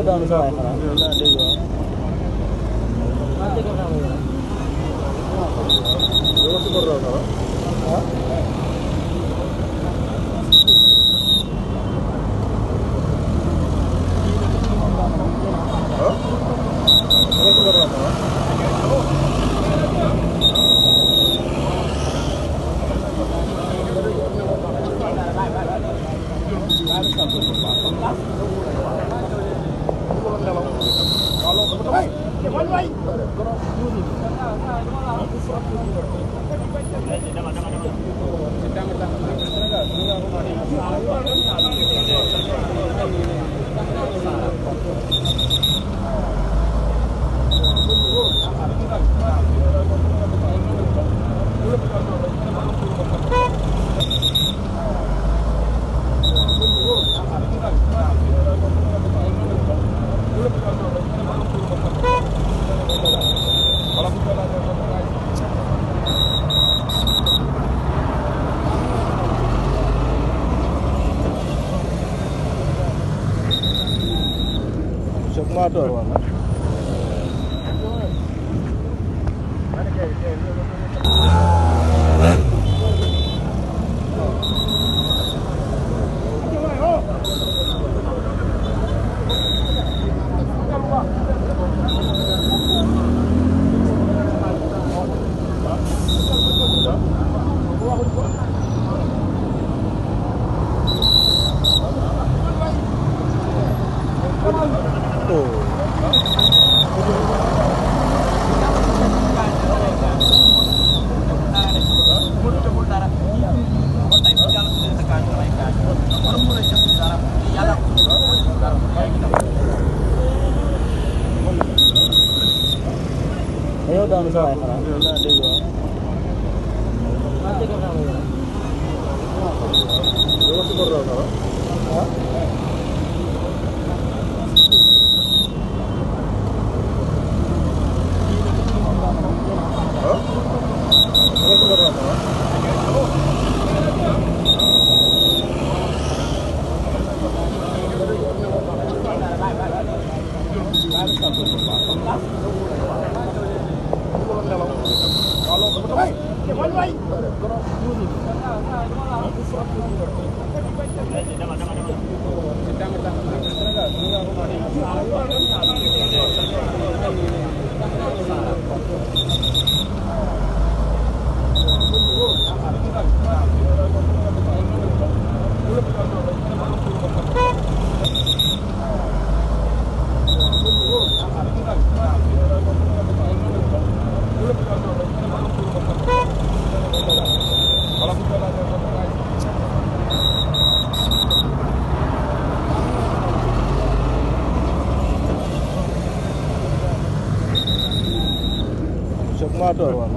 daanu sa waay xanaa వ్యవస్థ కూడా రావాలా Thank you. çok mağdur valla. Gracias. Thank you. Çok motor var.